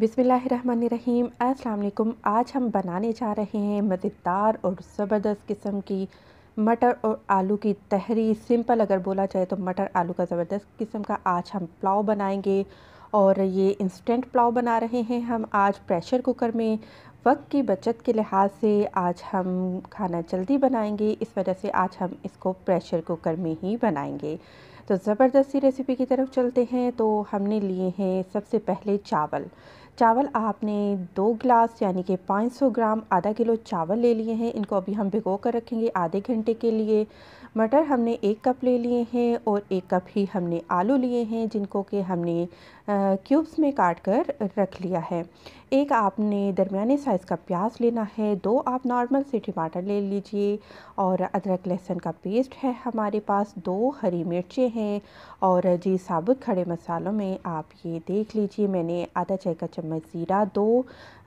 बिसमीम् वालेकुम आज हम बनाने जा रहे हैं मज़ेदार और ज़बरदस्त किस्म की मटर और आलू की तहरी सिंपल अगर बोला जाए तो मटर आलू का ज़बरदस्त किस्म का आज हम पुलाव बनाएंगे और ये इंस्टेंट पुलाव बना रहे हैं हम आज प्रेशर कुकर में वक्त की बचत के लिहाज से आज हम खाना जल्दी बनाएंगे इस वजह से आज हम इसको प्रेशर कुकर में ही बनाएंगे तो ज़बरदस्ती रेसिपी की तरफ चलते हैं तो हमने लिए हैं सबसे पहले चावल चावल आपने दो गिलास यानी कि 500 ग्राम आधा किलो चावल ले लिए हैं इनको अभी हम भिगो कर रखेंगे आधे घंटे के लिए मटर हमने एक कप ले लिए हैं और एक कप ही हमने आलू लिए हैं जिनको कि हमने क्यूब्स में काट कर रख लिया है एक आपने दरमियाने साइज़ का प्याज लेना है दो आप नॉर्मल से टमाटर ले लीजिए और अदरक लहसुन का पेस्ट है हमारे पास दो हरी मिर्चें हैं और जी साबुत खड़े मसालों में आप ये देख लीजिए मैंने आधा चाय का चम्मच ज़ीरा दो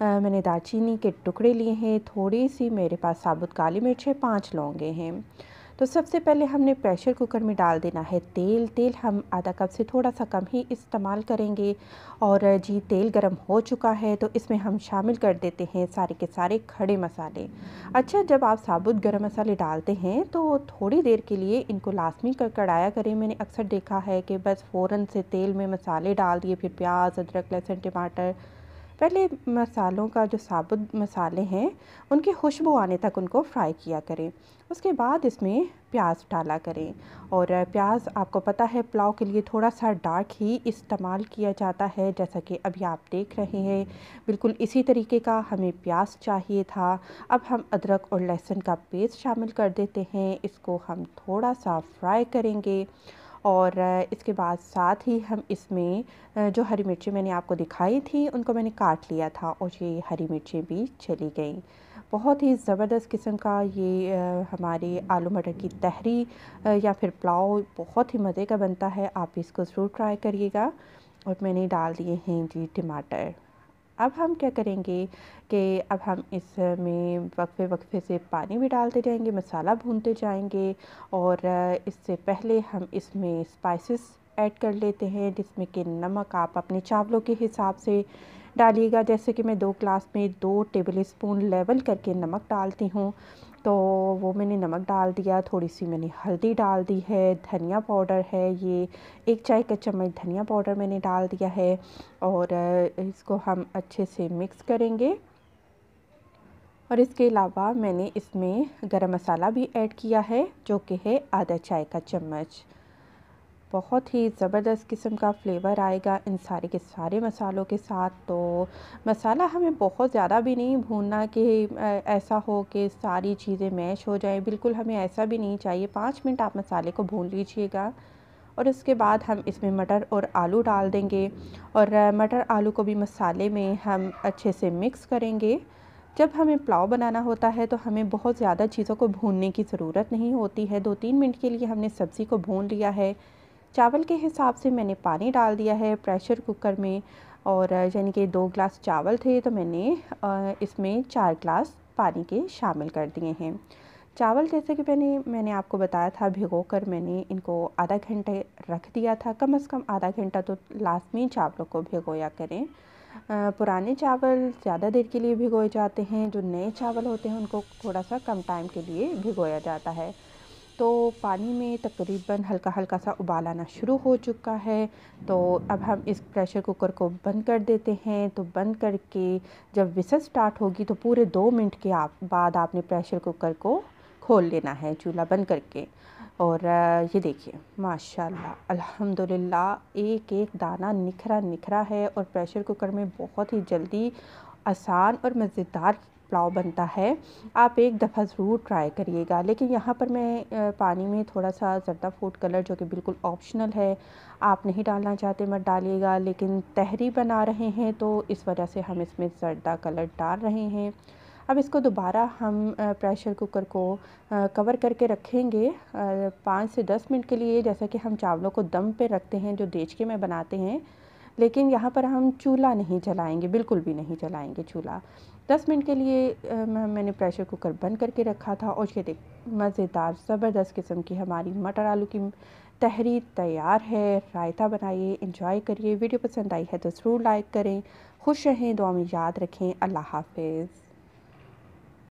आ, मैंने दालचीनी के टुकड़े लिए हैं थोड़ी सी मेरे पास साबुत काली मिर्च है पाँच लौंगे हैं तो सबसे पहले हमने प्रेशर कुकर में डाल देना है तेल तेल हम आधा कप से थोड़ा सा कम ही इस्तेमाल करेंगे और जी तेल गर्म हो चुका है तो इसमें हम शामिल कर देते हैं सारे के सारे खड़े मसाले अच्छा जब आप साबुत गर्म मसाले डालते हैं तो थोड़ी देर के लिए इनको लाजमी कर कड़ाया करें मैंने अक्सर देखा है कि बस फ़ौरन से तेल में मसाले डाल दिए फिर प्याज अदरक लहसुन टमाटर पहले मसालों का जो साबुत मसाले हैं उनकी खुशबू आने तक उनको फ्राई किया करें उसके बाद इसमें प्याज डाला करें और प्याज आपको पता है पुलाव के लिए थोड़ा सा डार्क ही इस्तेमाल किया जाता है जैसा कि अभी आप देख रहे हैं बिल्कुल इसी तरीके का हमें प्याज चाहिए था अब हम अदरक और लहसुन का पेस्ट शामिल कर देते हैं इसको हम थोड़ा सा फ्राई करेंगे और इसके बाद साथ ही हम इसमें जो हरी मिर्ची मैंने आपको दिखाई थी उनको मैंने काट लिया था और ये हरी मिर्ची भी चली गई बहुत ही ज़बरदस्त किस्म का ये हमारे आलू मटर की तहरी या फिर पुलाव बहुत ही मज़े का बनता है आप इसको ज़रूर ट्राई करिएगा और मैंने डाल दिए हैं जी टमाटर अब हम क्या करेंगे कि अब हम इसमें वक्फे वक्फे से पानी भी डालते जाएंगे मसाला भूनते जाएंगे और इससे पहले हम इसमें स्पाइसेस ऐड कर लेते हैं जिसमें कि नमक आप अपने चावलों के हिसाब से डालिएगा जैसे कि मैं दो ग्लास में दो टेबल स्पून लेवल करके नमक डालती हूँ तो वो मैंने नमक डाल दिया थोड़ी सी मैंने हल्दी डाल दी है धनिया पाउडर है ये एक चाय का चम्मच धनिया पाउडर मैंने डाल दिया है और इसको हम अच्छे से मिक्स करेंगे और इसके अलावा मैंने इसमें गरम मसाला भी ऐड किया है जो कि है आधा चाय का चम्मच बहुत ही ज़बरदस्त किस्म का फ्लेवर आएगा इन सारे के सारे मसालों के साथ तो मसाला हमें बहुत ज़्यादा भी नहीं भूनना कि ऐसा हो कि सारी चीज़ें मैश हो जाएं बिल्कुल हमें ऐसा भी नहीं चाहिए पाँच मिनट आप मसाले को भून लीजिएगा और उसके बाद हम इसमें मटर और आलू डाल देंगे और मटर आलू को भी मसाले में हम अच्छे से मिक्स करेंगे जब हमें पुलाव बनाना होता है तो हमें बहुत ज़्यादा चीज़ों को भूनने की ज़रूरत नहीं होती है दो तीन मिनट के लिए हमने सब्ज़ी को भून लिया है चावल के हिसाब से मैंने पानी डाल दिया है प्रेशर कुकर में और यानी कि दो ग्लास चावल थे तो मैंने इसमें चार ग्लास पानी के शामिल कर दिए हैं चावल जैसे कि मैंने मैंने आपको बताया था भिगो कर मैंने इनको आधा घंटे रख दिया था कम से कम आधा घंटा तो लाजमी चावलों को भिगोया करें पुराने चावल ज़्यादा देर के लिए भिगोए जाते हैं जो नए चावल होते हैं उनको थोड़ा सा कम टाइम के लिए भिगोया जाता है तो पानी में तकरीबन हल्का हल्का सा उबाल आना शुरू हो चुका है तो अब हम इस प्रेशर कुकर को बंद कर देते हैं तो बंद करके जब विसल स्टार्ट होगी तो पूरे दो मिनट के आप बाद आपने प्रेशर कुकर को खोल लेना है चूल्हा बंद करके और ये देखिए माशाल्लाह अल्हम्दुलिल्लाह एक एक दाना निखरा निखरा है और प्रेशर कुकर में बहुत ही जल्दी आसान और मज़ेदार पुलाव बनता है आप एक दफ़ा ज़रूर ट्राई करिएगा लेकिन यहाँ पर मैं पानी में थोड़ा सा जर्दा फूड कलर जो कि बिल्कुल ऑप्शनल है आप नहीं डालना चाहते मत डालिएगा लेकिन तहरी बना रहे हैं तो इस वजह से हम इसमें जर्दा कलर डाल रहे हैं अब इसको दोबारा हम प्रेशर कुकर को कवर करके रखेंगे पाँच से दस मिनट के लिए जैसा कि हम चावलों को दम पे रखते हैं जो देच के में बनाते हैं लेकिन यहाँ पर हम चूल्हा नहीं जलाएंगे बिल्कुल भी नहीं जलाएंगे चूल्हा दस मिनट के लिए मैंने प्रेशर कुकर बंद करके रखा था और ये देख मज़ेदार ज़बरदस्त किस्म की हमारी मटर आलू की तहरीर तैयार है रायता बनाइए इंजॉय करिए वीडियो पसंद आई है तो ज़रूर लाइक करें खुश रहें दुआ में याद रखें अल्लाह हाफिज़